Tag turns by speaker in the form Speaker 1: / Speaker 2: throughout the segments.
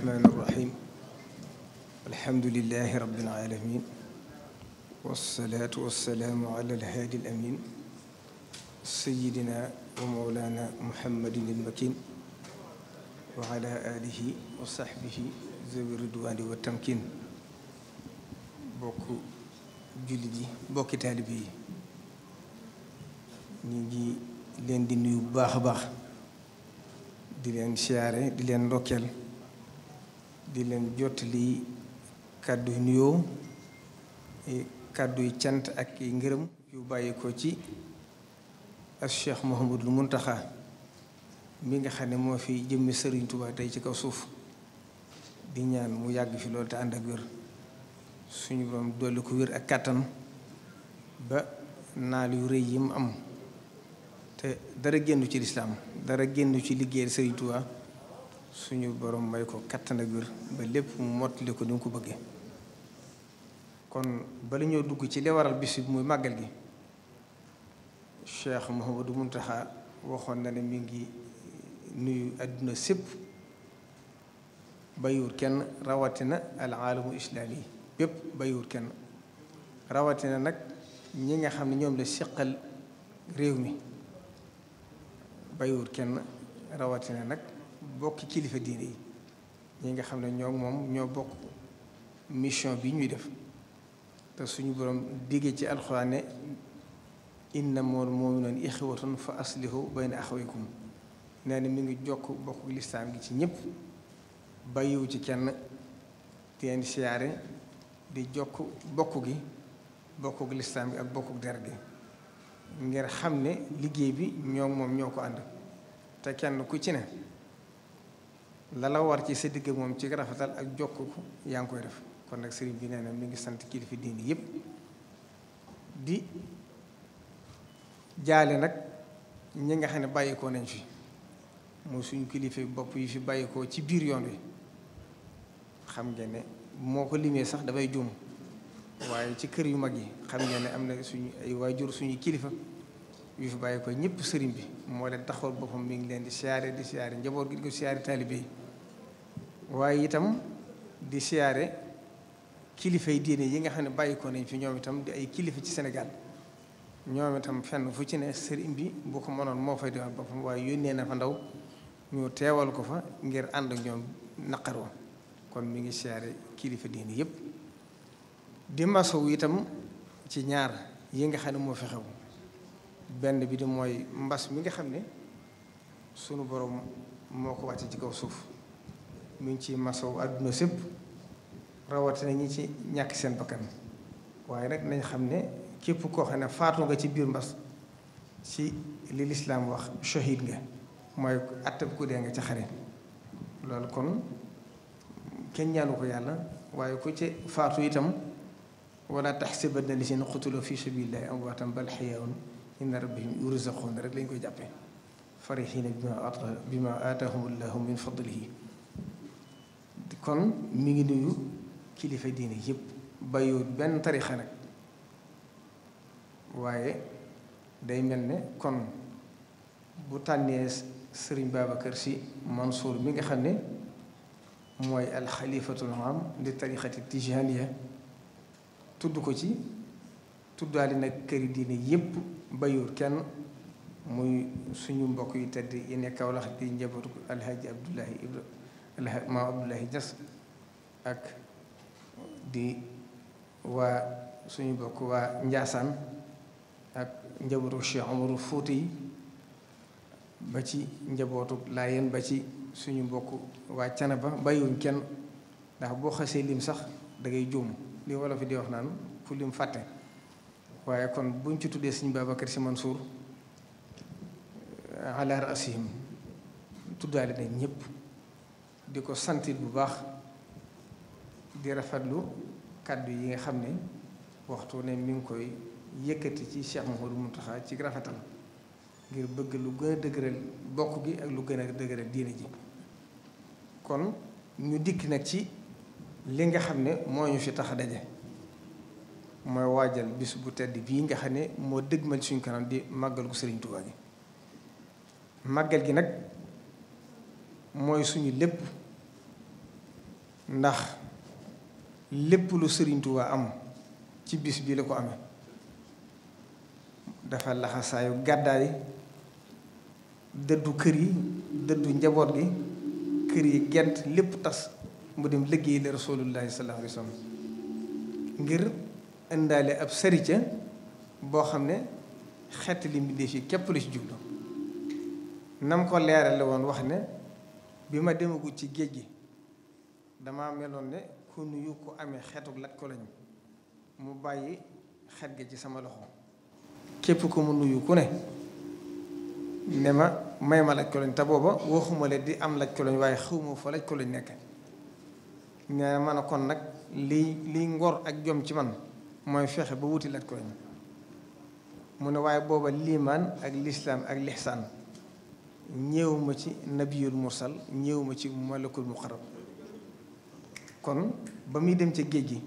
Speaker 1: الرحمن الرحيم الحمد لله رب العالمين والصلاة والسلام على الهادي الأمين سيدنا ومولانا محمد المكين وعلى آله وصحبه ذوي الرضوان والتمكين bokk jullit yi bokki taalibe yi ñu ngi leen di nuyu bu baax a baax di leen siyaare di leen ndokkeel di leen jottali kàddu yu nuyoo eh, kàddu yu cant ak i ngërëm yu bàyyi ko ci ak Cheikh Mouhamadul Muntaxa mi nga xam ne moo fi jëmmi Sëriñ tubaa tey ci kaw suuf di ñaan mu yàgg fi loolu te ànd ak wér suñu borom dolli ko wér ak kàttan ba naal yu rëy yi mu am te dara génn ci lislaam dara génn ci liggéeyal Sëriñ Tuubaa suñu borom may ko kattan ak wér ba lépp mu mottali ko di mu ko bëggee kon bala ñoo dugg ci li waral bis muy màggal gi Cheikh Mouhamadou Mountakha waxoon na ne mi ngi nuyu àdduna sépp bayuur kenn rawatina al aalamu islaami yi bépp bayuur kenn rawatina nag ñi nga xam ne ñoom la siqal réew mi bayuur kenn rawatina nag bokki kilifa diir yi ñi nga xam ne ñoo moom ñoo bokk mission bi ñuy def te suñu borom diggee ci alxuraan ne innamal mu'minuuna ixwatun fa aslihu bayna axawaykum nee na mu ngi jokk bokk lislaam gi ci ñëpp bàyyiwu ci kenn teen siyaare di jokk bokk gi bokkuk lislaam gi ak bokk der gi ngir xam ne liggéey bi ñoo moom ñoo ko ànd te kenn ku ci ne la la war ci sa digg moom ci rafetal ak jokk ko yaa ngi koy def kon nag sëriñ bi nee na mi ngi sant kilifa dindi yépp di jaale nag ñi nga xam ne bàyyikoo nañ fi mooy suñu kilifa bopp yi fi bàyyikoo ci biir yoon wi xam ngeen ne moo ko limee sax dafay juum waaye ci kër yu mag yi xam ngeen ne am na suñu ay waajur suñu kilifa yu fi bàyyi ko ñëpp sëriñ bi moo leen taxawal boppam mi ngi leen di siyaare di siyaare njaboot gi di ko siyaare taalibe yi waaye itam di siyaare kilifay diine yi nga xam ne bàyyi ko nañ fi ñoom itam di ay kilifa ci senegal ñoom itam fenn fu ci ne sëriñ bi bu ko mënoon moo fay defal boppam waaye yónnee na fa ndaw ñu teewal ko fa ngir ànd ak ñoom naqar kon mi ngi siyaare kilifa diine yëpp di masawu itam ci ñaar yi nga xam ne moo fexew benn bi di mooy mbas mi nga xam ne sunu borom moo ko wàcce ci kaw suuf mu ngi ci masow àdduna sépp rawatina ñi ci ñàkk seen bakkan waaye rek nañ xam ne képp koo xam ne faatu nga ci biir mbas ci li lislaam wax shahid nga mooy attab ku dee nga ci xare loolu kon kenn ñaanu ko yàlla waaye ku ci faatu itam wala taxsibanna llaziina qutilu fi sabilillahi amwaatan bal ahyaa'un inda rabbihim yurzaqun rek lañ koy jàppe farihiina bimaa aataahum allahu min fadlihi kon mi ngi nuyu kilifa diine yëpp bàyyiwut benn tarixa nag waaye day mel ne kon bu tànnee sëriñ Babacar Sy Mansour mi nga xam ne mooy alxalifatul am di tarixati tijaniya tudd ko ci tuddaali nag këri diine yëpp bàyyiwut kenn muy suñu mbokk yu tedd yi nekk Kawlax di njabootu alxaaji Abdullahi alxaaj maam Abdoulaye Niass ak di waa suñu bokk waa Njaasaan ak njabootu Cheikh Omarou Fouti ba ci njabootu Laayeen ba ci suñu mbokk waa Canaba bàyyiwuñ kenn ndax boo xasee lim sax dangay juum li wala fi di wax naan fu lim fàtte waaye kon buñ ci tuddee suñu Babacar Sy Mansour ala raasihim tuddaale nañ ñëpp di ko santit bu baax di rafetlu kàddu yi nga xam ne waxtu ne mi ngi koy yëkkati ci Cheikh Mouhamadou Mountakha ci rafetal ngir bëgg lu gën a dëgëral bokk gi ak lu gën a dëgëral diine ji kon ñu dikk nag ci li nga xam ne moo ñu fi tax a daje mooy waajal bis bu tedd bii nga xam ne moo dëgg dëgmal suñu kanam di màggal gu Sëriñ Tuubaa gi màggal gi nag mooy suñu lépp ndax lépp lu Sëriñ Tuubaa am ci bis bii la ko amee dafa laxasaayu gàddaay dëddu kër yi dëddu njaboot gi kër yi gent lépp tas mu dem liggéey la rasulullahi sallallahu alayhi wa ngir indaale ab sarica boo xam ne xett li mbindeef yi képp lu ci jublu nam ko leerale woon wax ne bi ma demagut ci géej gi dama meloon ne ku nuyu ku amee xeetu lat ko mu bàyyi xet ga ci sama loxo képp ko mu nuyu ku ne ne ma may ma laj ko lañ te booba waxuma leen di am laj koloñ lañ waaye xawma fa laj ko nekk ne man ne kon nag li liy ngor ak jom ci man mooy fexe ba wuti laj ko mu ne waaye booba liimaan ak lislaam ak lixsaan ñëwuma ci nabiyul mursal ñëwuma ci malakul muqarrab kon ba muy dem ca géej gi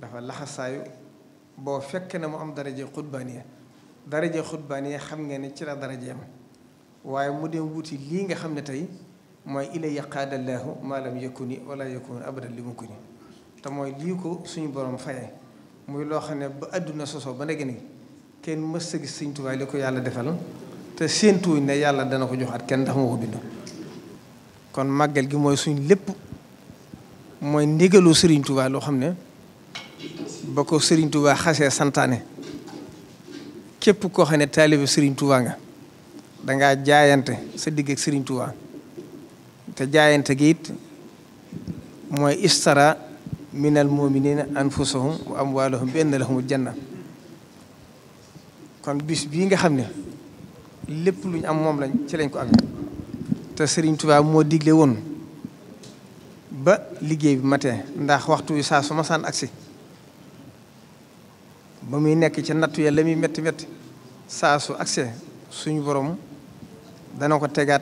Speaker 1: dafa laxasaayu boo fekk na mu am daraje xutbaaniya daraje xutbaaniya xam nga ne ci la daraje am waaye mu dem wuti lii nga xam ne tey mooy ilay qaadallaahu maa lam yakuni wala yakun abadan li mukuni te mooy lii ko suñu borom fayee muy loo xam ne ba àdduna sosoo ba nag ni kenn mës a gis Sëñ Tuubaa li ko yàlla defal te séentuwuñ ne yàlla dana ko jox at kenn ndax ma ko bind kon màggal gi mooy suñ lépp mooy ndigalu Serigne loo xam ne ba ko Serigne Touba santaane képp koo xam ne taalibe Serigne Touba nga dangaa jaayante sa digg ak te jaayante gi it mooy istara minal muminina anfusahum wa amwaalahum bi anna lahumul janna kon bis bii nga xam ne lépp lu ñu am moom lañ ci lañ ko amee te Serigne Touba moo digle woon. ba liggéey bi matee ndax waxtu wi saa su ma saan agsi ba muy nekk ci nattu ya la muy métti métti saa su agsee suñu borom dana ko tegaat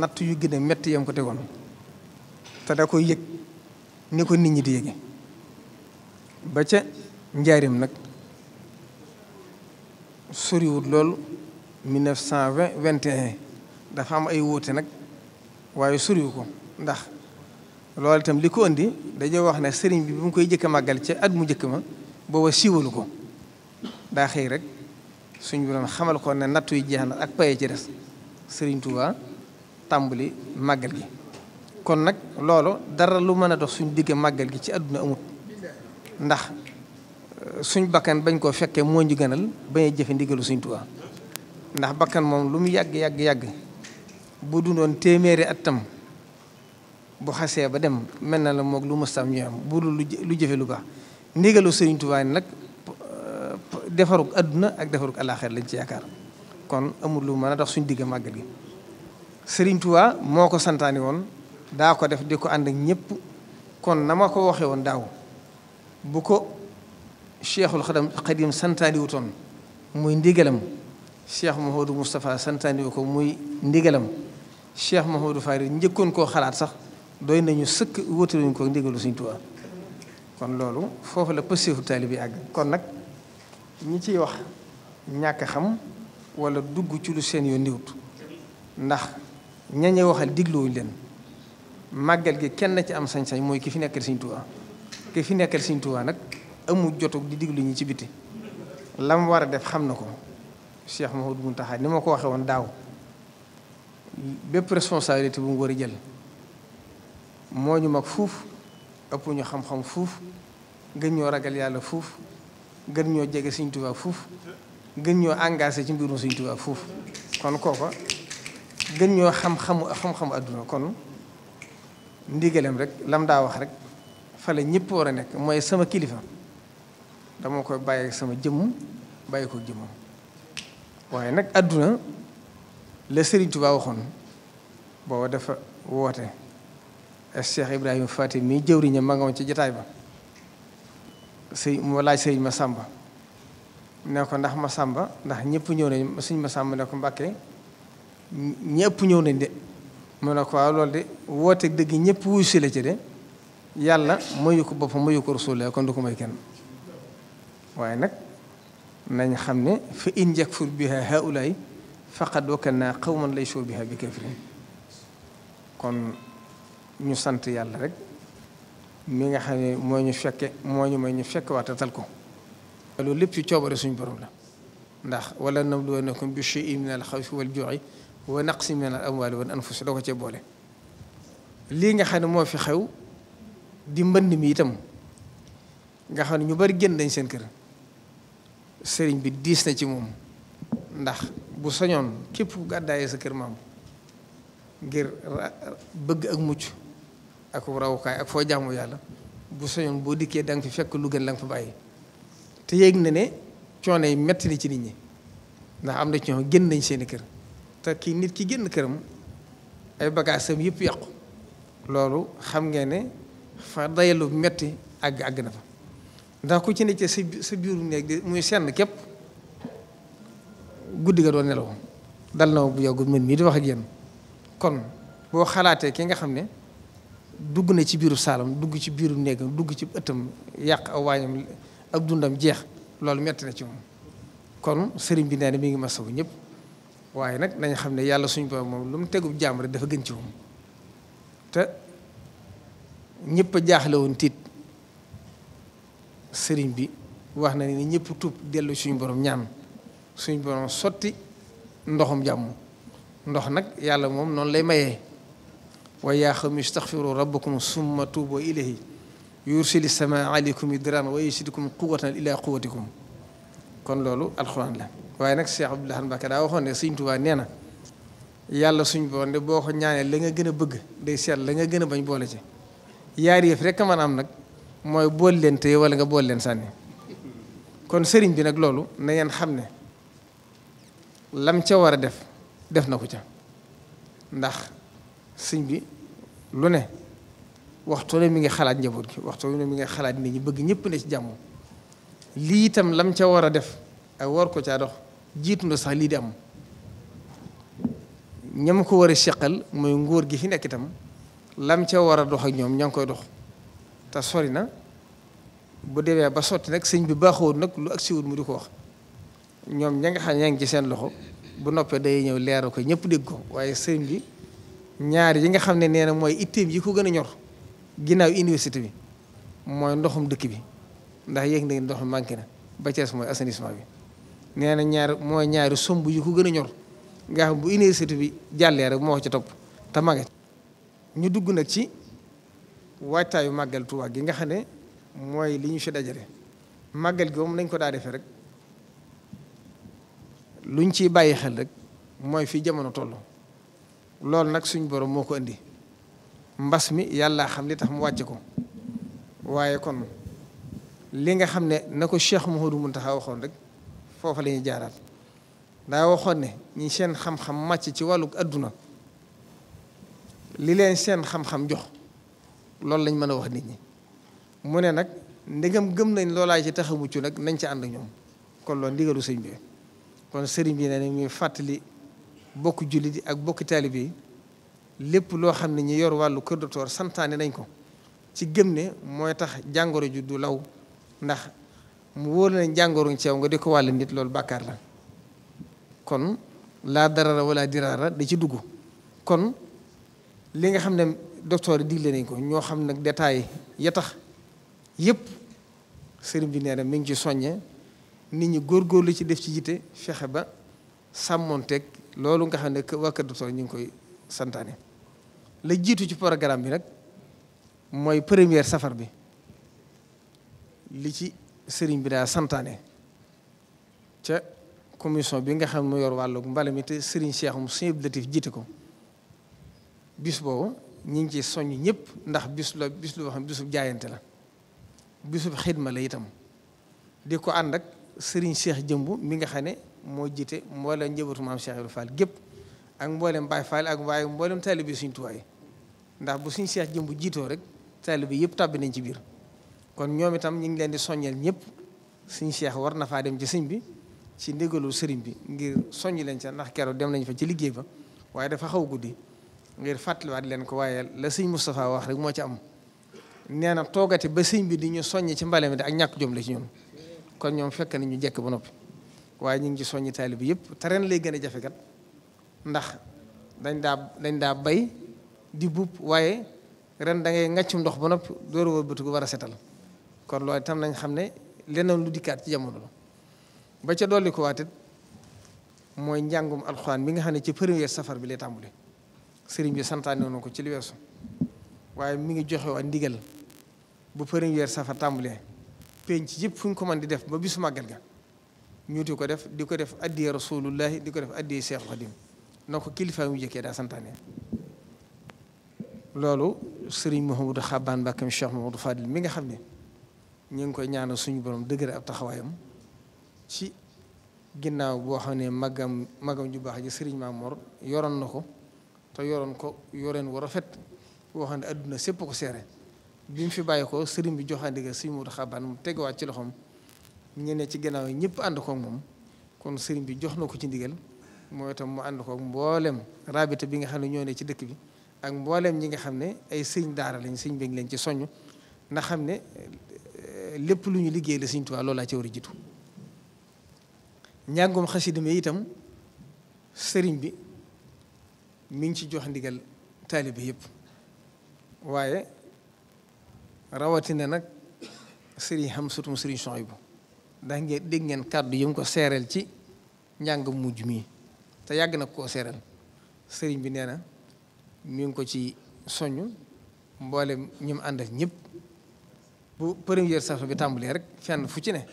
Speaker 1: natt yu gën a métti yam ko tegoon te da koy yëg ni ko nit ñi di yëge ba ca njaarim nag soriwut loolu 1920 21 dafa am ay wóote nag waaye soriwu ko ndax loolu itam li ko indi dañoo wax ne sëriñ bi bu mu koy jëkk a màggal ci at mu njëkk ma booba siiwalu ko daa xëy rek suñ borom xamal ko ne nattu yi jeex ak paye ci des sëriñ Touba tàmbali màggal gi kon nag loolu dara lu mën a dox suñ digg màggal gi ci àdduna amut ndax euh, suñ bakkan bañ koo fekkee moo ñu gënal bañ a jëfe ndigalu suñ Touba ndax bakkan moom lu mu yàgg yàgg yàgg bu dundoon téeméeri at tam bu xasee ba dem mel na la moog lu mustam ñu am bu dul lu jëfe lu baax ndigalu sëriñ Tuubaa nag defarug àdduna ak defarug alaaxeer lañ ci yaakaar kon amul lu mën a dox suñ digg màggal gi sëriñ Tuubaa moo ko santaani woon daa ko def di ko ànd ak ñëpp kon na ma ko waxee woon daaw bu ko cheikhul xadam xadim santaani muy ndigalam cheikh Mahoudou Moustapha santaani wu ko muy ndigalam cheikh Mahoudou Farid njëkkoon koo xalaat sax doy nañu sëkk wóotaluñ ko ndigalu Sëriñ Tuubaa kon loolu foofu la pëseefu taalibe bi àgg kon nag ñi ciy wax ñàkk xam wala dugg ci lu seen yoon niwut ndax ñañe waxal digluwuñ leen màggal gi kenn ci am sañ-sañ mooy ki fi nekkal Sëriñ Tuubaa ki fi nekkal Sëriñ Tuubaa nag amul jotuk di diglu ñi ci biti lam war a def xam na ko Cheikh Mouhamadou Mountakha ni ma ko waxee woon daaw bépp responsabilité bu mu war a jël moo ñu mag fuuf ëpp ñu xam-xam fuuf gën ñoo ragal yàlla fuuf gën ñoo jege Sëñ Tuubaa fuuf gën ñoo engagé ci mbirum Sëñ Tuubaa fuuf kon kooko gën ñoo xam-xamu xam-xamu àdduna kon ndigalem rek lam daa wax rek fale la ñëpp war a nekk mooy sama kilifa dama koy bàyyi sama jëmm bàyyi ko jëmmam waaye nag àdduna la Sëriñ Tuubaa waxoon booba dafa woote ak Cheikh Ibrahima Fatim mii jëwriñam ma nga woon ci jataay ba sëy moo laaj ma sàmba ne ko ndax ma sàmba ndax ñëpp ñëw nañ suñ ma sàmba ne ko mbàkke ñëpp ñëw nañ de mu ne ko waaw loolu de woote dëgg ñëpp wuyu si la ci de yàlla mayu ko boppam mayu ko rasuul kon du ko may kenn waaye nag nañ xam ne fa in yakfur biha xaw faqad lay qawman laysuu biha bi kafirin kon ñu sant yàlla rek mi nga xam ne moo ñu fekke moo ñu may ñu fekk waate tal ko loolu lépp ci coobare suñu borom la ndax wala nabluwannakum bi shay'in min al xawfi wal ju'i wa naqsin min al amwali wal anfusi da ko cee boole lii nga xam ne moo fi xew di mbënd mi itam nga xam ne ñu bari génn dañ seen kër sëriñ bi diis na ci moom ndax bu soñoon képp ku gàddaayee sa kër maam ngir bëgg ak mucc ak rawukaay ak foo jaamu yàlla bu soñoon boo dikkee da nga fi fekk lu gën la nga fa bàyyi te yéeg na ne coono yi metti ni ci nit ñi ndax am na ci ñoo génn nañ seeni kër te kii nit ki génn këram ay bagages sam yëpp yàqu loolu xam ngeen ne fa dayalu metti àgg àgg na fa ndax ku ci ne ci sa biiru néeg di muy senn képp guddi ga doon nelaw dal na bu yàggul mën mii di wax ak yéen kon boo xalaatee ki nga xam ne dugg na ci biiru saalam dugg ci biiru néegam dugg ci ëttam yàq aw waañam ak dundam jeex loolu metti na ci moom kon sëriñ bi nee na mi ngi ma masawu ñëpp waaye nag nañ xam ne yàlla suñu borom moom lu mu tegu jaam rek dafa gën ci moom te ñëpp a jaaxle woon tiit sëriñ bi wax na ni ñëpp tuub dellu suñu borom ñaan suñu borom sotti ndoxum jàmm ndox nag yàlla moom noonu lay mayee wa yaa qawmi istaghfiru rabbakum summa tuubu ilayhi yursili samaa aleykum idraaran wa yazidkum quwwatan ilaa quwwatikum kon loolu alxuraan la waaye nag Cheikh Abdoul Ahad waxoon ne Sëñ nee na yàlla suñ boon de boo ko ñaanee la nga gën a bëgg day seet la nga gën a bañ boole ci yaar yëf rek man nag mooy bool leen wala nga bool leen sànni kon sëriñ bi nag loolu na xam ne lam ca war a def def na ko ca ndax sëñ bi lu ne waxtu ne mi ngi xalaat njaboot gi waxtu ne mi ngi xalaat nit ñi bëgg ñëpp ne ci jàmm lii itam lam ca war a def ak war ko caa dox jiitu na sax lii di am ñam ko war a seqal mooy nguur gi fi nekk itam lam ca war a dox ak ñoom ña ngi koy dox te sori na bu demee ba sotti nag sëñ bi baaxoo nag lu ak siwut mu di ko wax ñoom ña nga xam ña ngi ci seen loxo bu noppee day ñëw leer ko ñëpp dégg ko waaye sëñ bi. ñaari yi nga xam ne nee na mooy itteem yi ko gën a ñor ginnaaw université bi mooy ndoxum dëkk bi ndax yëg na ndox mi manqué na ba Cees mooy assainissement bi nee na ñaar mooy ñaari somb yi ko gën a ñor nga xam bu université bi jàllee rek moo ci topp te ñu dugg nag ci waajtaayu màggal Tuubaa nga xam ne mooy li ñu fi dajale màggal gi moom nañ ko daa defee rek luñ ciy bàyyi xel rek mooy fi jamono toll. loolu nag suñ borom moo ko indi mbas mi yàlla xam li tax mu wàcce ko waaye kon li nga xam ne na ko Cheikh mu Mountakha waxoon rek foofa la ñuy daa waxoon ne ñi seen xam màcc ci wàllu àdduna li leen seen xam-xam jox loolu lañ mën a wax nit ñi mu ne nag ndegam gëm nañ loolaay ci tax a mucc nag nañ ci ànd ñoom kon loolu ndigalu sëñ bi kon sëriñ bi ne ni muy fàttali. bokk jullit yi ak bokki taalibe yi lépp loo xam ne ñi yor wàllu kër docteur santaane nañ ko ci gëm ne mooy tax jàngoro ju du law ndax mu wóor na jàngoro nga di ko wàll nit loolu bàkkaar la kon laa dara darara wala diraara da ci dugg kon li nga xam ne docteur yi digle nañ ko ñoo xam nag détail ya tax yépp sëriñ bi nee na mi ngi ci soññe nit ñi góor góor góorgóorlu ci def ci jite fexe ba sàmmoonteeg loolu nga xam ne waa Kër ñu ngi koy santaane la jiitu ci programme bi nag mooy première safar bi li ci sëriñ bi daa santaane ca commission bi nga xam ne mu yor wàllug mbale mi te sëriñ Cheikh mu sëñ jiite ko bis boobu ñu ngi ci soññ ñëpp ndax bis la bis loo xam bisu jaayante la bisub xidma la itam di ko ànd ak sëriñ Cheikh jëmb mi nga xam ne moo jiite mboolem njabootu maam Cheikh Ibrahima Fall gépp ak mboolem Baye Fall ak waaye mboolem taalibe suñ tuwaay ndax bu suñ seex jëmbu jiitoo rek taalibe yëpp tàbbi nañ ci biir kon ñoom itam ñu ngi leen di soññal ñëpp suñ seex war na faa dem ci sëñ bi ci ndigalu sëriñ bi ngir soññ leen ca ndax keroog dem nañ fa ci liggéey ba waaye dafa guddi ngir fàttaliwaat leen ko waaye la sëñ Moustapha wax rek moo ci am nee na toogate ba sëñ bi di ñu soññ ci mbale mi de ak ñàkk jom la ci ñoom kon ñoom fekk na ñu jekk ba noppi waaye ñu ngi ci soññi taalibe bi yëpp te ren lay gën a jafe kat ndax dañ daa dañ daa bay di buub waaye ren da ngay ndox ba noppi dooru wër bëtu war a setal kon loolu tam nañ xam ne leneen lu dikkaat ci jamono la ba ca dolli ko waatit mooy njàngum alxuraan bi nga xam ne ci premier safar bi lay tàmbule sëriñ bi santaane woon ko ci li weesu waaye mi ngi joxe waa ndigal bu premier safar tàmbulee penc yëpp fu ñu ko mën di def ba bisu màggal ga ñu di ko def di ko def addiyee rasulullahi di ko def addiyee Seex Xadim na ko kilifa mu jëkkee daa santaane loolu sëriñ Mouhamadou Xaban Mbàkke Cheikh Mouhamadou Fadil mi nga xam ne ñu ngi koy ñaanal suñu borom dëgër ab taxawaayam ci ginnaaw boo xam ne magam magam ju baax ji sëriñ mor yoroon na ko te yoroon ko yoreen wu rafet boo xam ne adduna sépp ko seere bi mu fi bàyyi ko sëriñ bi joxandigal sëriñ Mouhamadou Xaban mu tegawaat ci loxom ñu ne ci gannaaw ñëpp ànd moom kon sëriñ bi jox na ko ci ndigal mooy itam mu ànd kook mboolem rabita bi nga xam ne ñoo ne ci dëkk bi ak mboolem ñi nga xam ne ay sëriñ daara lañ sëriñ bi ngi ci soññ ndax xam ne eh, lépp lu ñu liggéey la sëriñ Tuubaa loolaa ci war a jiitu ñàngum xasida itam sëriñ bi mi ngi ci jox ndigal taalibe yëpp waaye rawatina nag sëriñ xam sutum sëriñ Suhaybu ndax ngeen dégg ngeen kàddu yi mu ko seereel ci njàng mujj mii te yàgg na koo seereel sëriñ bi nee na mi ko ci soññ mboolem ñi mu ànd ak ñëpp bu première saison bi tàmbalee rek fenn fu ci ne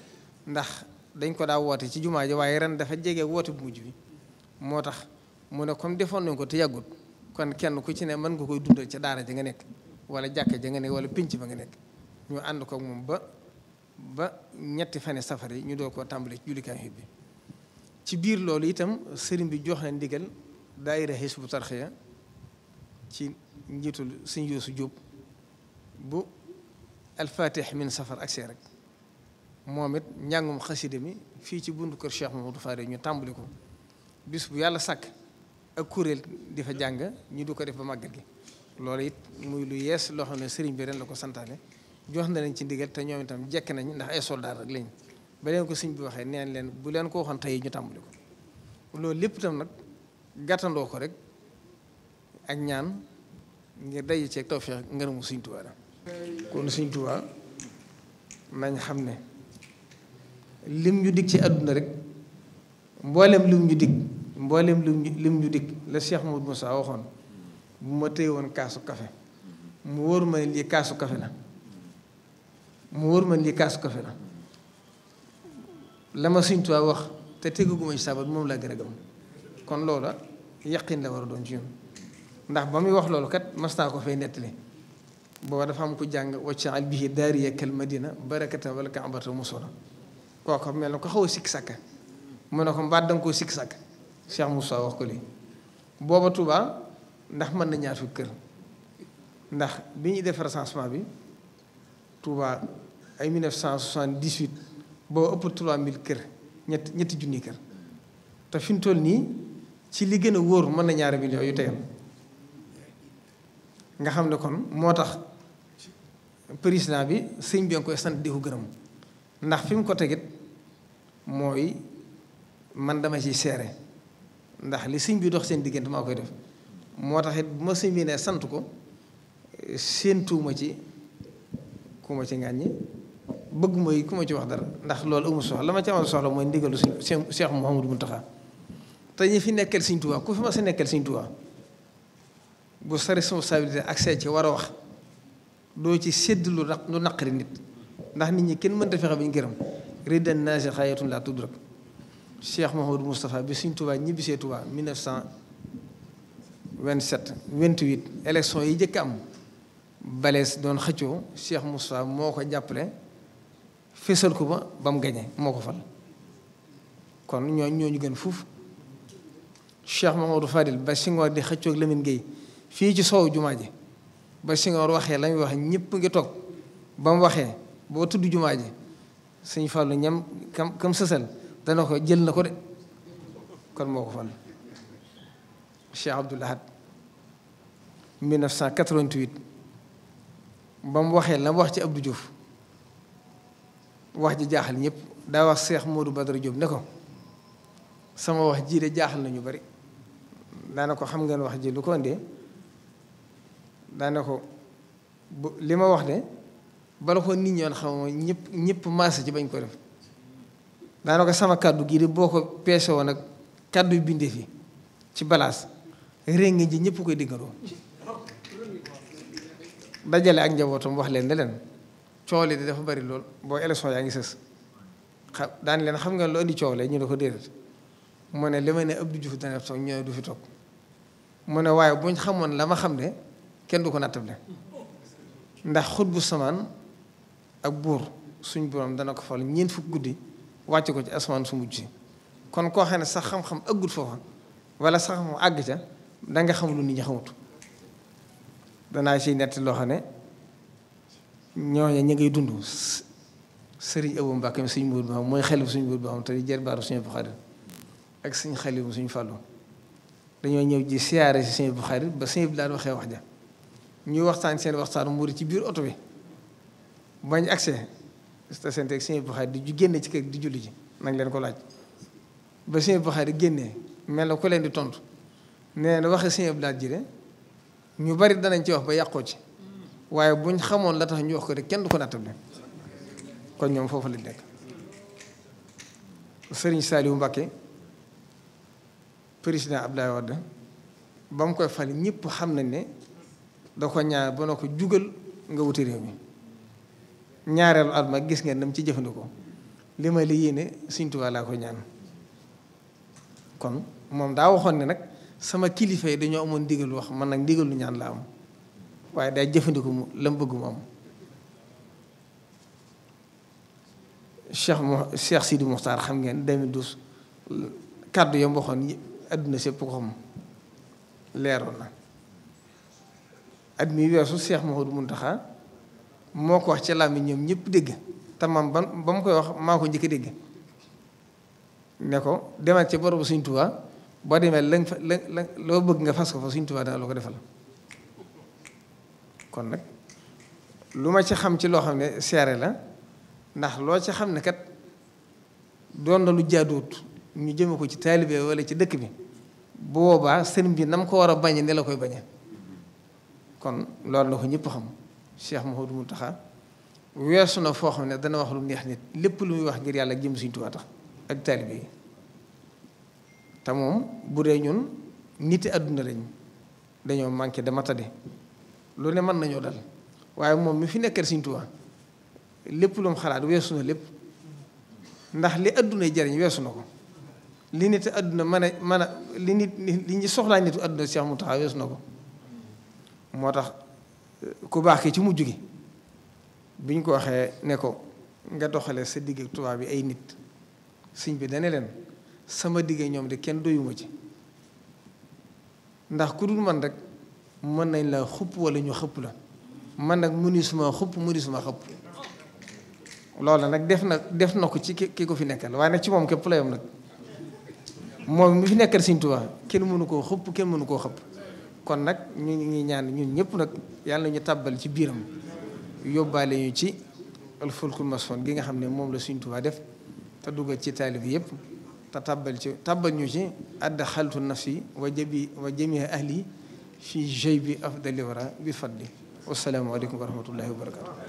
Speaker 1: ndax dañ ko daa woote ci jumaa ji waaye ren dafa jege woote bu mujj bi moo tax mu ne comme defoon nañ ko te yàggut kon kenn ku ci ne mën nga koy dundal ca daara ja nga nekk wala jàkka ja nga nekk wala pinc ba nga nekk ñu ànd ko moom ba. ba ñetti fane safar yi ñu doo ko tàmbali ci jullikaay xib bi ci biir loolu itam sëriñ bi jox na ndigal daayira Hizbut Tarqiyyah ci njiitul sëñ Yuusu Jóob bu alfatih min safar ak see rek moom it njàngum xasida mi fii ci buntu kër Cheikh Mamadou Faare ñu tàmbali ko bis bu yàlla sàkk ak kuréel di fa jàng ñi du ko def ba màggal gi loolu it muy lu yees loo xam ne sëriñ bi ren la ko santaane jox na leen ci ndigal te ñoom itam jekk nañ ndax ay soldaar rek lañ ba leen ko sëñ bi waxee neen leen bu leen ko waxoon tey ñu tàmbali ko loolu lépp tam nag gàttandoo ko rek ak ñaan ngir daje ceeg tawfeex ngërëmu sëñ Tuubaa la kon sëñ Tuubaa nañ xam ne lim ñu dig ci àdduna rek mboolem lim ñu dig mboolem lim ñu lim la Cheikh Moudou Moussa waxoon bu ma téye woon kaasu kafe mu wóor ma ne lii kaasu kafe la mu wóor ma lii kaas ko fi la la ma Sëñ Tuubaa wax te tegaguma ci sabat moom laa gën kon loola yaqin la war a doon ci ndax ba muy wax loolu kat mas naa ko fay nettali booba dafa am ko jàng waccaal bihi daariya kal madina barakata wala ka ambata musula kooku mel na ko xaw sikk sàkka mu ne ko mbaat danga koo sikk sàkka Cheikh Moussa wax ko lii booba Touba ndax mën na ñaar fukki kër ndax bi ñuy def recensement bi Touba ay 1978 boo ëpp 3000 kër ñett ñetti junni kër te fi mu toll nii ci li gën a wóor mën na ñaari millions yu tegal nga xam ne kon moo tax président bi sëñ bi nga koy sant di ko gërëm ndax fi mu ko tegit mooy man dama ci seere ndax li sëñ bi dox seen diggante maa koy def moo taxit bu ma sëñ bi ne sant ko tuuma ci ku ma ci ngàññi bëgg mooy ku ma ci wax dara ndax loolu amul soxla la ma ci amal soxla mooy ndigalu sëñ Cheikh Mouhamadou Mountakha te ñi fi nekkal sëñ Tuubaa ku fi ma sa nekkal sëñ Tuubaa bu sa responsabilité accès ci war a wax doo ci sédd lu naq lu naqari nit ndax nit ñi kenn mënta fexe ba ñu gërëm ridan naasi xaayatun laa tudrak Cheikh Mouhamadou Moustapha bi sëñ Tuubaa ñibbisee Tuubaa 1927 28 élection yi jëkk am balees doon xëccoo Cheikh Moustapha moo ko jàppale fésal ko ba ba mu gañe moo ko fal kon ñooñu ñooñu gën fuuf Cheikh Mamadou Fadil ba Senghor di xëccoog Lamine Gueye fii ci soow jumaa ji ba Senghor waxee lañuy wax ñëpp ngi toog ba mu waxee boo tudd jumaa ji suñ fàllu ñam kam kam sësal dana ko jël na ko de kon moo ko fal Cheikh Abdoul Ahad 1988 ba mu waxee la mu wax ci abdu Diouf wax ji jaaxal ñépp daa wax moo Modou Badara jóob ne ko sama wax jii de jaaxal nañu bari ne ko xam ngeen wax ji lu ko daa ne ko bu li ma wax de bala ko nit ñoon xam ñëpp ñëpp ci bañ ko def daana ko sama kàddu gii de boo ko peese nag ak kàddu bindee fi ci balaas réng ji ñépp koy diggandoo dajale ak njabootam wax leen ne leen coow li di dafa bari lool boo élection yaa ngi sës xam daan leen xam nga lu indi coow la ñu ne ko déedéet mu ne li ma ne Abdou Diouf dana toog ñëw du fi toog mu ne waaye buñ xamoon la ma xam ne kenn du ko nattable ndax xut bu samaan ak buur suñ borom dana ko fal ñeent fukk guddi wàcce ko ci asamaan su mujj si kon koo xam ne sax xam-xam ëggut foofa wala sax mu àgg ca danga xam lu nit ñi xamut danaa ciy nett loo xam ne ñooñu ñu ngay dund sëriñ Abou Mbacke suñ mbuur ba mooy xel suñ mbuur ba xam te di jarbaaru suñu Buxaari ak suñ xel suñ fàllu dañoo ñëw ji siyaare si suñu Buxaari ba suñu bilaad waxee wax ja ñuy waxtaan seen waxtaan muur ci biir oto bi bañ accès te seen teg suñu Buxaari di ju génne ci kër di julli ji nag leen ko laaj ba suñu Buxaari génnee mel na ku leen di tontu nee na waxee suñu bilaad ji de ñu bari danañ ci wax ba yàqoo ci waaye buñ xamoon la tax ñu wax ko de kenn du ko nattable kon ñoom foofu lañ nekk sëriñ Saliou Mbacké président Abdoulaye Wade ba mu koy fal ñëpp xam na ne da ko ñaar ba na ko jugal nga wuti réew mi ñaareelu at ma gis ngeen dam ci jëfandikoo li ma li yéene Sëriñ Tuubaa laa ko ñaan kon moom daa waxoon ne nag sama kilifa yi dañoo amoon ndigalu wax man nag ndigalu ñaan la am waaye day jëfandiku mu la mu bëgg am am Cheikh mo Cheikh Sidi Mokhtar xam ngeen 2012 kàddu yam waxoon adduna àdduna ko xam leeroon na at mi weesu Cheikh Mouhamadou Mountakha moo ko wax ci làmmiñ ñoom ñëpp dégg te man ba ba mu koy wax maa ko njëkk dégg ne ko demal ci borobu Sëriñ Tuubaa boo demee la nga la loo bëgg nga fas ko fa Sëriñ Tuubaa daal la ko defal kon nag lu ma ci xam ci loo xam ne seere la ndax loo ci xam ne kat doon na lu jaadoot ñu jëme ko ci taalibe wala ci dëkk bi bu boobaa sëriñ bi nam ko war a bañe ne la koy bañe kon loolu la ko ñëpp xam Cheikh Mouhamadou Mountakha weesu na foo xam ne dana wax lu neex nit lépp lu muy wax ngir yàlla jëm Sëriñ Tuubaa tax ak taalibe yi te moom bu dee ñun niti àdduna lañ dañoo manqué dama tade lu ne mën nañoo dal waaye moom mi fi nekkee Sëriñ Tuubaa lépp lu xalaat weesu na lépp ndax li àdduna jariñ weesu na ko li nit adduna mën a mën a li nit li ñu soxlaa nitu adduna Cheikh Mountakha weesu na ko moo tax eh, ku baax ki ci mujj gi biñ ko waxee ne ko nga doxale sa digg tubaab bi ay nit sëñ bi dane leen sama digg ñoom de kenn doyuma ci ndax ku dul man rek mën nañ la xupp wala ñu xëpp la man nag munisuma xupp suma xëpp loolu nag def na def na ko ci ki ko fi nekkal waaye nag ci moom képp la nag moom mi fi nekkal Sëriñ Tuubaa mënu koo xupp kenn mënu koo xëpp kon nag ñu ngi ñaan ñun ñëpp nag yàlla ñu tàbbal ci biiram yóbbaale ci alfulkul masoon gi nga xam ne moom la Sëriñ Tuubaa def te duggal ci taalib yëpp te tàbbal ci tàbbal ñu ci adda xaltu nafsi wa jabi wa jami ahli fi jay bi afdali wara bi fadli wassalaamu aleykum wa rahmatullahi wa barakatu